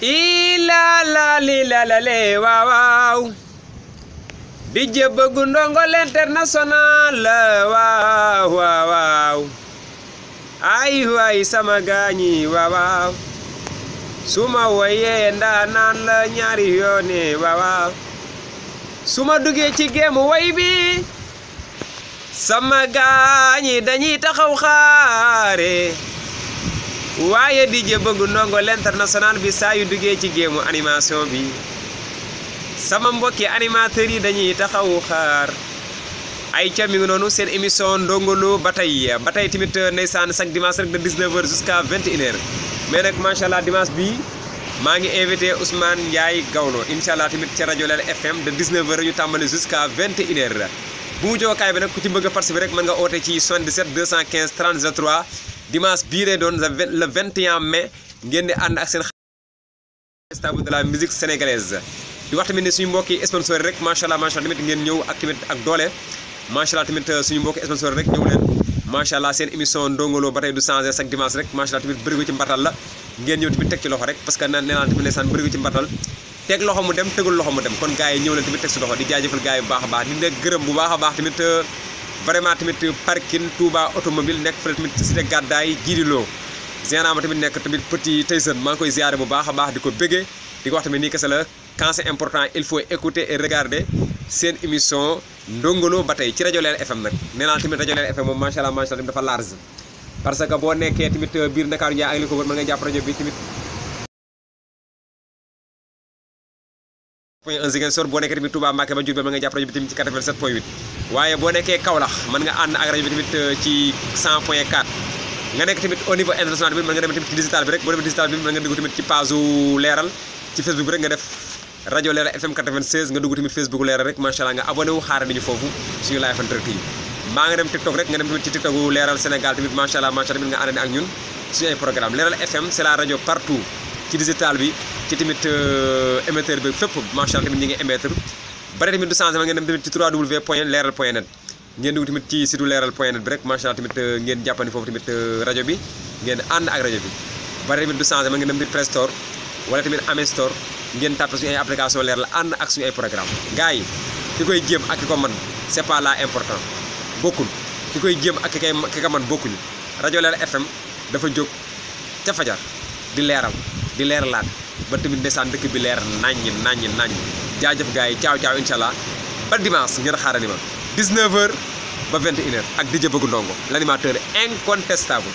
ila la li la la le waaw waaw DJ bëgg ndongol international waaw waaw ay waay sama gaañi waaw waaw suma woyee ndaa naan la ñaari yoone waaw waaw suma duggee ci géemu way bi sama gaañi dañuy taxaw xaare waaye DJ Bongo Ndongo l'international bi saa yu duggee ci géemu animation bi sama mbokki animateurs yi dañuy taxawu xaar ay ca mi noonu seen émission Ndongo Lo ba tey ba tey tamit euh, ndeysaan chaque dimanche rek de 19h jusqu'à 21h mais nag macha allah dimanche bi maa ngi invité Ousmane Ndiaye Gawlo incha allah tamit ca rajo Leral FM de 19h ñu tàmbali jusqu'à 21 la bu mu jokaay bi nag ku ci bëgg a participer rek mën nga oote ci 77 215 30 03 dimanche bii lay mais le di ànd ak seen stable de la musique sénégalaise di wax tamit ne suñu mbokki sponsor rek macha allah macha allah tamit ngeen ñëw ak tamit ak doole macha allah tamit euh, suñu mbokki sponsor rek ñëw leen macha allah seen émission Ndongo Lo ba tey du changé chaque dimanche rek macha allah tamit bëri ci mbartal la ngeen ñëw tamit teg ci parce que nee naa tamit ndeysaan bëri teg mu dem tegul loxo mu dem kon gars yi ñëw leen tamit teg si loxo di jaajëfal gars yi bu baax a baax di leen gërëm bu baax a baax tamit euh, vraiment tamit euh, parking Touba automobile nekk fële tamit cité gàddaay jiidiloo généralement tamit nekk tamit petit Tyson maa koy ziare bu baax a baax di ko bëggee di ko wax tamit nii kese la quand c'est important il faut écouter et seen émission Ndongo Lo ba tey ci rajo Leral FM nag nee naa tamit rajo FM moom macha dafa large parce que boo nekkee tamit euh, biir Ndakaaru Ndiaye ak jàpp rajo bi tamit. point 1 Ziguinchor boo nekkee tamit Touba Mbacké ba Diourbel ma nga jàpp rajo bi ci 87 point 8 waaye boo nekkee Kaolack mën nga ànd ak rajo bi tamit ci 100 point 4 nga nekk tamit au niveau international bi mën nga dem tamit ci digital bi rek boo demee digital bi mën nga dugg tamit ci page leeral ci Facebook bi rek nga def rajo leeral FM 96 nga dugg tamit Facebook leral, rek macha allah nga abonné wu xaarandi ñu foofu suñu live en direct yi nga dem TikTok rek nga dem tamit ci TikTok leeral Sénégal tamit macha allah macha allah nga àndane ak ñun suñu ay programme leeral FM c'est la rajo partout ci digital bi ci tamit euh, émetteur bi fépp macha allah tamit ñi ngi émettre bare tamit du changer ngeen dem tamit ci 3w ngeen dugg tamit ci site leral.net bi rek macha allah tamit euh, ngeen jàppandi fofu tamit euh, radio bi ngeen and ak radio bi bare tamit du changer ngeen dem tamit Play Store wala tamit am Store ngeen tàppe suñu ay application leral and ak suñu ay programme gaay ki koy jëm ak ko man c'est pas la important bokul ki koy jëm ak ki ka man bokul radio leral FM dafa jog ca fajar di leral di leralat ba tamit ndeysaan dëkk bi leer naññ nañ naññ jaajëf gars yi caaw caaw incha allah ba dimanche ngeen xaarandi ma 19h ba vint h ak DJ Bëgg Ndongo l'animateur incontestable.